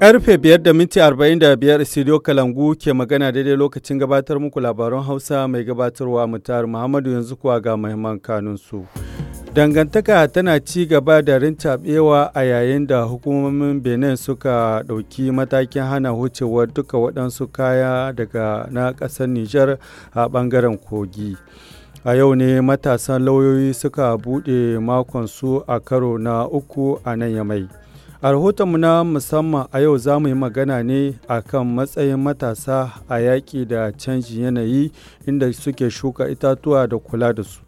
Karfe 5 da minti 45 Studio Kalangu ke magana daidai lokacin gabatar muku labaran Hausa mai gabatarwa mutar Muhammadu yanzu kuwa ga mahimman kanunsu. Dangantaka tana ci gaba da rintaɓewa a yayin da hukumomin Benin suka ɗauki matakin hana wucewar duka waɗansu kaya daga na ƙasar Nijar a ɓangaren kogi. a yau ne matasan lauyoyi suka buɗe makon su a karo na uku a nan yamai A rahotonmu na musamman a yau za mu yi magana ne a kan matsayin matasa a yaƙi da canjin yanayi inda suke shuka itatuwa da kula da su.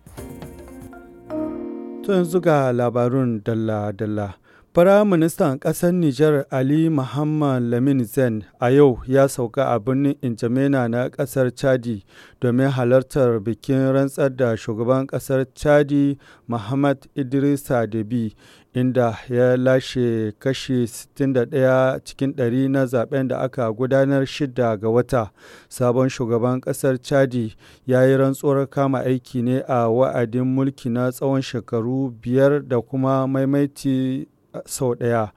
To yanzu ga labarun dalla-dalla. Firaministan ƙasar Nijar Ali Muhammad Lamin Zen a yau ya sauka a birnin Injamena na ƙasar Chadi domin halartar bikin rantsar da shugaban ƙasar Chadi Muhammad Idris Deby inda ya lashe kashi 61 cikin 100 na zaben da aka gudanar shida ga wata sabon shugaban ƙasar chadi ya yi rantsuwar kama aiki ne a wa'adin mulki na tsawon shekaru biyar da kuma maimaiti sau ɗaya.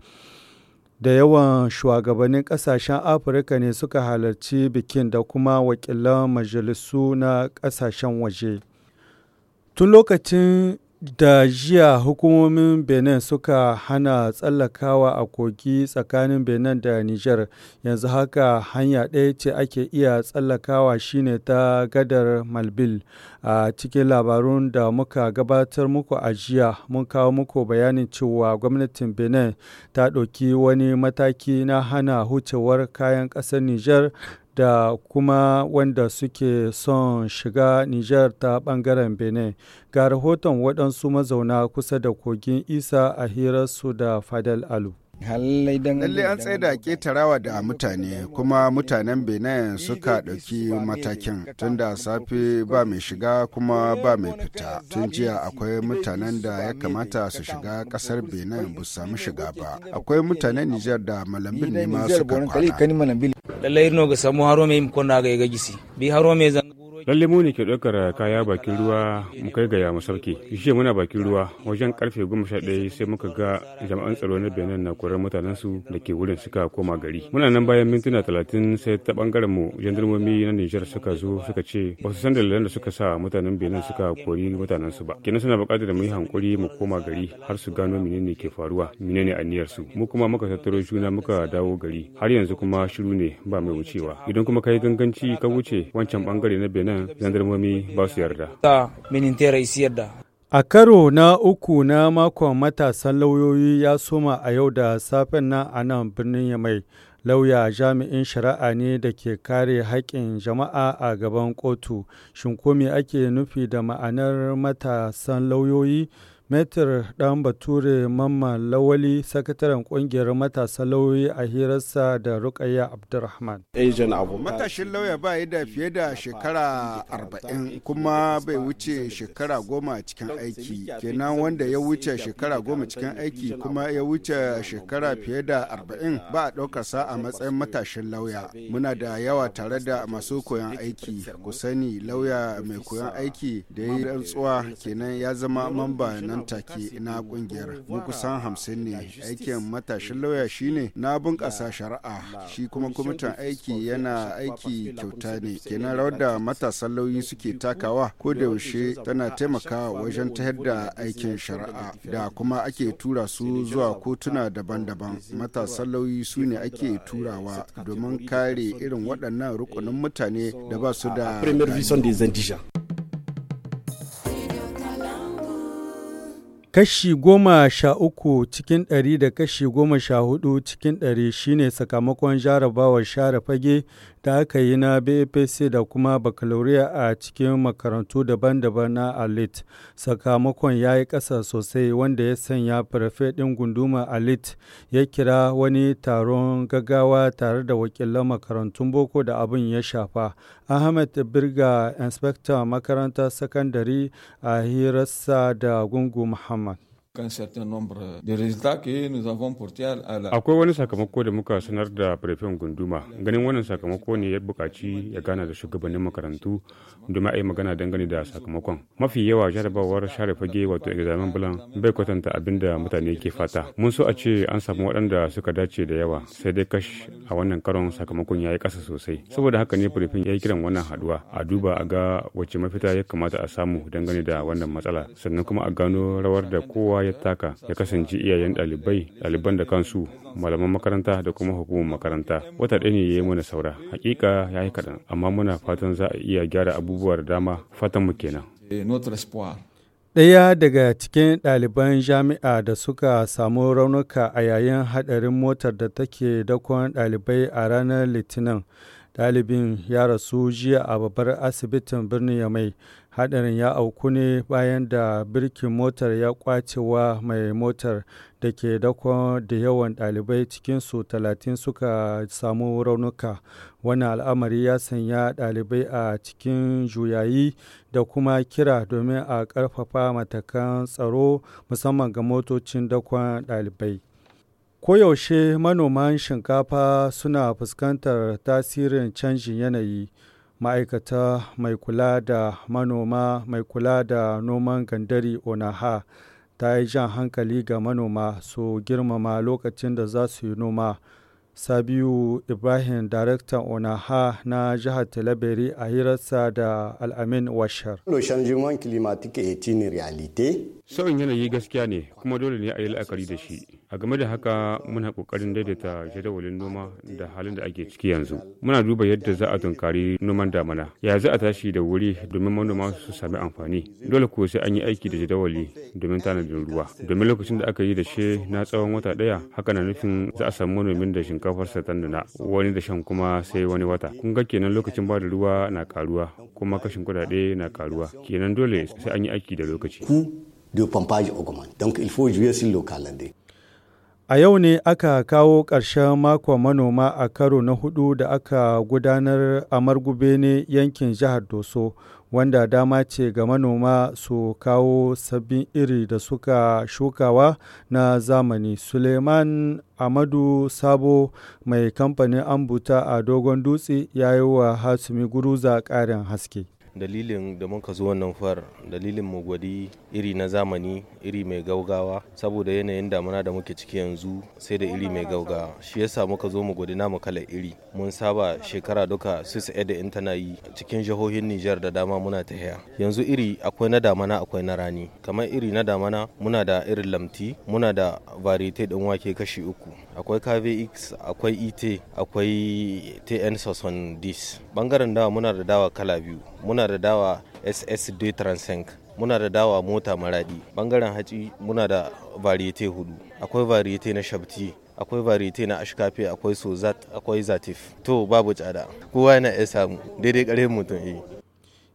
Da yawan shugabannin ƙasashen Afirka ne suka halarci bikin da kuma wakilan majalisu na ƙasashen waje. Tun lokacin da jiya hukumomin benin suka hana tsallakawa a kogi tsakanin benin da niger yanzu haka hanya ɗaya ce ake iya tsallakawa shine ta gadar malbil a cikin labarun da muka gabatar muku a jiya mun kawo muku bayanin cewa gwamnatin benin ta ɗauki wani mataki na hana hucewar kayan ƙasar niger da kuma wanda suke son shiga Nijar ta ɓangaren Benin. Ga rahoton waɗansu mazauna kusa da kogin Isa a hirarsu da Fadal Alu. lalle an tsaida ketarawa da mutane kuma mutanen benin suka ɗauki matakin tunda safe ba mai shiga kuma ba mai fita tun jiya akwai mutanen da ya kamata su shiga ƙasar benin ba samu shiga ba akwai mutanen nijar da malambin ne suka kwana da lairno ga samu harome im konda ga gisi bi haro mai lalle mu ne ke ɗaukar kaya bakin ruwa mu kai gaya yamu sauki shi muna bakin ruwa wajen karfe goma sha ɗaya sai muka ga jama'an tsaro na benin na koran mutanen su da ke wurin suka koma gari muna nan bayan mintuna talatin sai ta bangaren mu jandarmomi na nijar suka zo suka ce ba su san dalilan da suka sa mutanen benin suka kori mutanen su ba kenan suna buƙatar mu yi hankuri mu koma gari har su gano menene ke faruwa menene aniyar su mu kuma muka tattaro juna muka dawo gari har yanzu kuma shiru ne ba mai wucewa idan kuma ka yi ganganci ka wuce wancan bangare na benin wannan ba su yarda. A karo na uku na makon matasan lauyoyi ya soma a yau da safen nan a nan birnin Yamai. Lauya jami'in shari'a ne da ke kare haƙƙin jama'a a gaban kotu. Shin ko me ake nufi da ma'anar matasan lauyoyi? Metir ɗan Bature Mamma Lawali, sakataren ƙungiyar matasa lauyi a hirarsa da Rukayya abdulrahman. Matashin lauya ba yi da fiye da shekara arba'in kuma bai wuce shekara goma cikin aiki. Kenan wanda ya wuce shekara goma cikin aiki kuma ya wuce shekara fiye da arba'in ba a ɗaukarsa a matsayin matashin lauya. Muna da yawa tare da masu koyon aiki. Ku sani lauya mai koyon aiki da ya yi rantsuwa kenan ya zama mamba na nan take na kungiyar mu kusan hamsin ne aikin matashin lauya shine na bunƙasa shari'a shi kuma kwamitin aiki yana aiki kyauta ne kenan rawar da matasan lauyi suke takawa ko da yaushe tana taimakawa wajen ta da aikin shari'a da kuma ake tura su zuwa kotuna daban-daban matasan lauyi su ne ake turawa domin kare irin waɗannan rukunin mutane da ba su da Kashi goma sha uku cikin ɗari da kashi goma sha hudu cikin ɗari shine sakamakon jarabawar share fage da aka yi na BAPC da kuma baccalaureate a cikin makarantu daban-daban na Alit. Sakamakon ya yi ƙasa sosai wanda ya sanya farfe ɗin gunduma Alit ya kira wani taron gaggawa tare da wakilan makarantun boko da abin ya shafa. Ahmed Birga, Inspector makarantar sakandare a hirarsa da Gungu Muhammad. kan certain akwai wani sakamako da muka sanar da farfen gunduma ganin wannan sakamako ne ya bukaci ya gana da shugabannin makarantu domin a yi magana dangane da sakamakon mafi yawa jarabawar share fage wato examen bulan bai kwatanta abin da mutane ke fata mun so a ce an samu waɗanda suka dace da yawa sai dai kash a wannan karon sakamakon ya yi ƙasa sosai saboda haka ne prefen ya yi kiran wannan haduwa a duba a ga wacce mafita ya e kamata a samu dangane da wannan matsala sannan kuma a gano rawar da kowa ya taka ya kasance iyayen ɗalibai ɗaliban da kansu malaman makaranta da kuma hukumar makaranta wata ɗaya ne ya yi mana saura hakika ya yi kaɗan amma muna fatan za a iya gyara abubuwa dama fatan mu kenan Ɗaya daga cikin ɗaliban jami'a da suka samu raunuka a yayin haɗarin motar da take dakon ɗalibai a ranar Litinin dalibin ya rasu jiya a babbar asibitin birnin yamai hadarin ya auku ne bayan da birkin motar ya kwacewa mai motar da ke dakon da yawan dalibai cikinsu talatin suka samu raunuka wani al'amari ya sanya dalibai a cikin juyayi da kuma kira domin a karfafa matakan tsaro musamman ga motocin dakon dalibai. Koyaushe manoman shinkafa suna fuskantar tasirin canjin yanayi. Ma'aikata mai kula da manoma mai kula da noman gandari Onaha ta yi jan hankali ga manoma su girmama lokacin da za su yi noma. Sabiu Ibrahim daraktan Onaha na jihar Talabiri a hirarsa da Al'amin Washar. Sauyin yanayi gaskiya ne kuma dole ne a yi la'akari da shi. a game da haka muna kokarin daidaita jadawalin noma da halin da ake ciki yanzu muna duba yadda za a tunkari noman damana ya za a tashi da wuri domin manoma su sami amfani dole ko sai an yi aiki da jadawali domin tanadin ruwa domin lokacin da aka yi da she na tsawon wata daya haka na nufin za a samu manomin da shinkafar sa tandana wani da shan kuma sai wani wata kun ga kenan lokacin ba da ruwa na karuwa kuma kashin kudade na karuwa kenan dole sai an yi aiki da lokaci ku de pompage augmente donc il faut jouer sur le calendrier A yau ne aka kawo ƙarshen makon manoma a karo na hudu da aka gudanar a Margubene yankin jihar Doso, wanda dama ce ga manoma su kawo sabbin iri da suka shukawa na zamani. Suleiman Amadu Sabo mai kamfanin Ambuta a Dogon Dutse ya yi wa Hasumi Guruza ƙarin haske. dalilin da muka zo wannan far dalilin mu gwadi iri na zamani iri mai gaugawa saboda yanayin damuna da muke ciki yanzu sai da iri mai gaugawa shi yasa muka zo mu gwadi namu kala iri mun saba shekara duka su sai da in tana yi cikin jihohin Nijar da dama muna ta haya yanzu iri akwai na damana akwai na rani kamar iri na damana muna da irin lamti muna da varieté din wake kashi uku akwai x akwai ite akwai TN dis bangaren dawa muna da dawa kala biyu muna da dawa ssd 35 muna da dawa mota maradi bangaren hatsi muna da variyete hudu akwai variyete na shabti akwai variyete na ashkafe akwai sozat akwai zatif to babu tsada kowa yana iya samu daidai kare mutum eh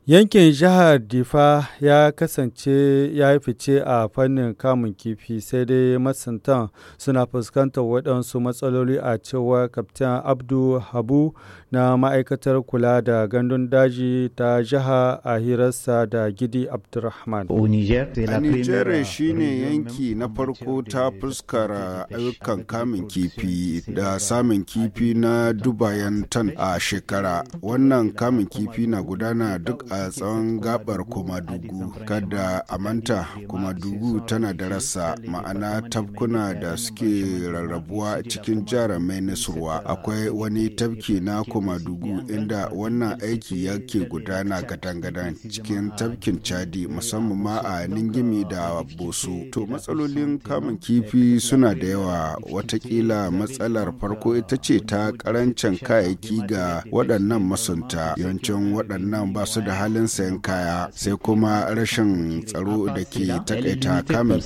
Yankin Jihar Difa ya kasance ya yi fice a fannin kamun kifi sai dai masuntan suna fuskantar waɗansu matsaloli a cewa Kaftin Abdu Habu na ma'aikatar kula da gandun daji ta jiha a hirarsa da Gidi Abdurrahman. A Nijar shi yanki na farko ta fuskar ayyukan kamun kifi da samun kifi na dubayan tan a shekara. Wannan kamun kifi na gudana duk a tsawon gabar Komadugu. Kada a manta Komadugu tana da rasa ma'ana tabkuna da suke rarrabuwa cikin jarumai na surwa. Akwai wani tafki na Komadugu inda wannan aiki yake gudana gadan-gadan cikin tabkin Chadi musamman ma a Ningimi da Boso. To matsalolin kamun kifi suna da yawa watakila matsalar farko ita ce ta karancin kayayyaki ga waɗannan masunta. Yawancin waɗannan ba su da halin sayan kaya sai kuma rashin tsaro da ke takaita kamun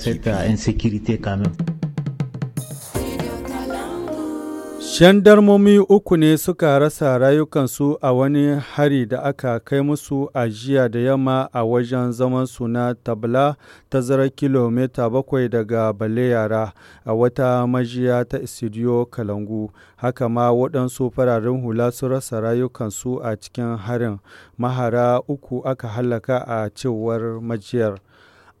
Shandarmomi uku ne suka rasa rayukansu a wani hari da aka kai musu a jiya da yamma a wajen zaman suna tabla tazarar kilomita bakwai daga bale yara a wata majiya ta isidiyo kalangu haka ma waɗansu fararen hula su rasa rayukansu a cikin harin mahara uku aka halaka a cewar majiyar.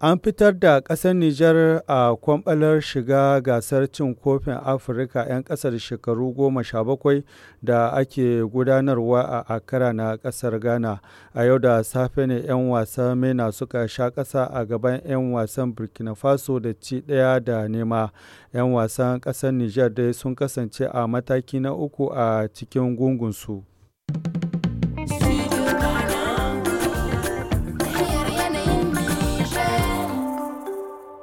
An fitar da ƙasar Nijar a kwamɓalar shiga gasar cin kofin Afirka 'yan ƙasar shekaru goma sha bakwai da ake gudanarwa a Akara na ƙasar Ghana. A yau da safe ne 'yan wasan MENA suka sha ƙasa a gaban 'yan wasan Burkina Faso da ci ɗaya da nema. 'Yan wasan ƙasar Nijar dai sun kasance a mataki na uku a cikin gungunsu.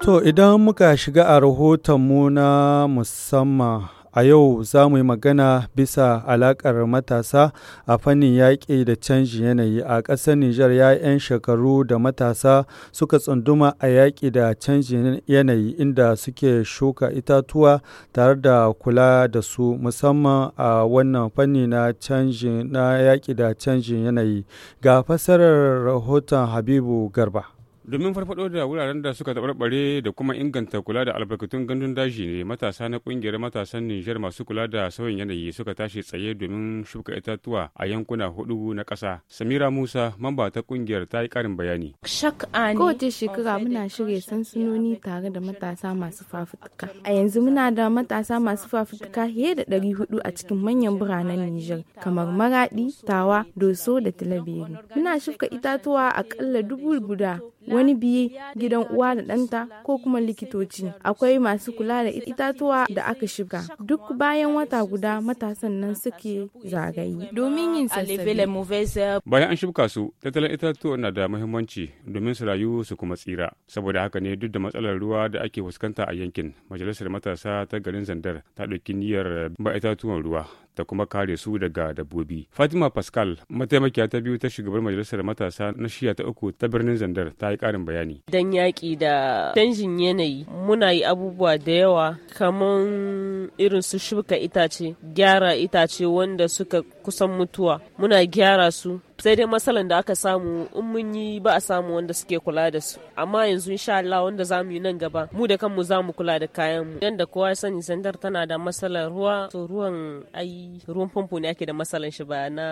To idan muka shiga a rahotonmu na musamman a yau za mu yi magana bisa alaƙar matasa a fannin yaƙi da canjin yanayi a ƙasar Nijar ya 'yan shekaru da matasa suka tsunduma a yaƙi da canjin yanayi inda suke shuka itatuwa tare da kula da su musamman a wannan fanni na canjin na yaƙi da canjin yanayi ga fasarar rahoton Habibu Garba. domin farfado da wuraren da suka tabarbare da kuma inganta kula da albarkatun gandun daji ne matasa na kungiyar matasan Nijar masu kula da sauyin yanayi suka tashi tsaye domin shuka itatuwa a yankuna hudu na kasa Samira Musa mamba ta kungiyar ta yi karin bayani. Kowace shekara muna shirya sansunoni tare da matasa masu fafutuka. A yanzu muna da matasa masu fafutuka fiye da ɗari hudu a cikin manyan biranen Nijar kamar Maraɗi, Tawa, Doso da Tilaberi. Muna shuka itatuwa a kalla dubu guda wani biye gidan uwa da ɗanta ko kuma likitoci akwai masu kula da itatuwa da aka shiga duk bayan wata guda matasan nan suke zagaye domin yin sassabi bayan an shibka su tattalin itatuwa na da muhimmanci domin su rayu su kuma tsira saboda haka ne duk da matsalar ruwa da ake fuskanta a yankin majalisar matasa ta garin zandar ta ɗauki niyyar ba itatuwan ruwa da kuma kare su daga dabbobi. Fatima Pascal mataimakiya ta biyu ta shugabar majalisar matasa na shiya ta uku ta birnin Zandar ta yi karin bayani. Dan yaƙi da canjin yanayi muna yi abubuwa da yawa kamar irin su shuka itace gyara itace wanda suka kusan mutuwa muna gyara su sai dai matsalan da aka samu in mun yi ba a samu wanda suke kula da su amma yanzu insha Allah wanda za mu yi nan gaba mu da kanmu zamu kula da kayan mu yanda kowa ya sani sandar tana da matsalar ruwa to ruwan ai ruwan famfo ne ake da matsalan shi ba na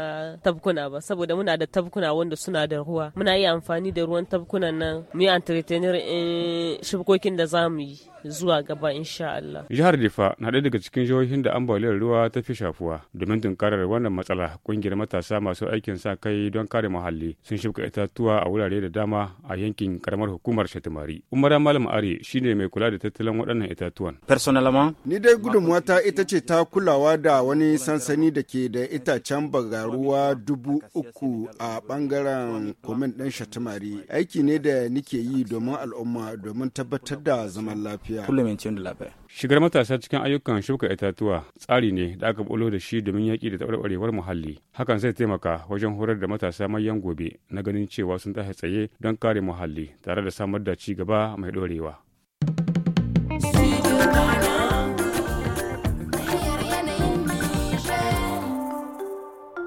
tabkuna ba saboda muna da tabkuna wanda suna da ruwa muna yi amfani da ruwan tabkunan nan mu yi entertainer in eh, shibkokin da zamu yi zuwa gaba insha Allah. Jihar Difa na ɗaya daga cikin jihohin da ambaliyar ruwa ta fi shafuwa. Domin tunkarar wannan matsala, ƙungiyar matasa masu aikin sa kai don kare muhalli sun shifka itatuwa a wurare da dama a yankin karamar hukumar Shatimari. Umar Malam Ari shine mai kula da tattalin waɗannan itatuwan. Personalaman? Ni dai gudunmuwata ita ce ta kulawa da wani sansani da ke da itacen bagaruwa dubu uku a ɓangaren kwamin ɗin Shatimari. Aiki ne da nike yi domin al'umma domin tabbatar da zaman lafiya. lafiya. Shigar matasa cikin ayyukan shuka itatuwa tsari ne da aka bulo da shi domin yaƙi da taɓarɓarewar muhalli. Hakan zai taimaka wajen horar da matasa manyan gobe na ganin cewa sun tashi tsaye don kare muhalli tare da samar da ci gaba mai ɗorewa.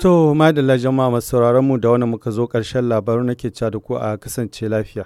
To, madalla jama'a masu mu da wani muka zo ƙarshen labaru nake da ku a kasance lafiya.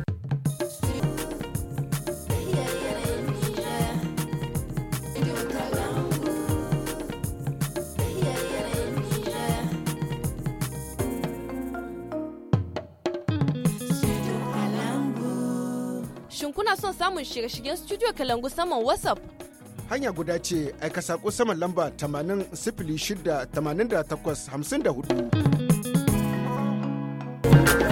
kuna son samun shirye-shiryen Studio Kalangu saman WhatsApp? Hanya guda ce aika sako saman lamba 80 6 88 54.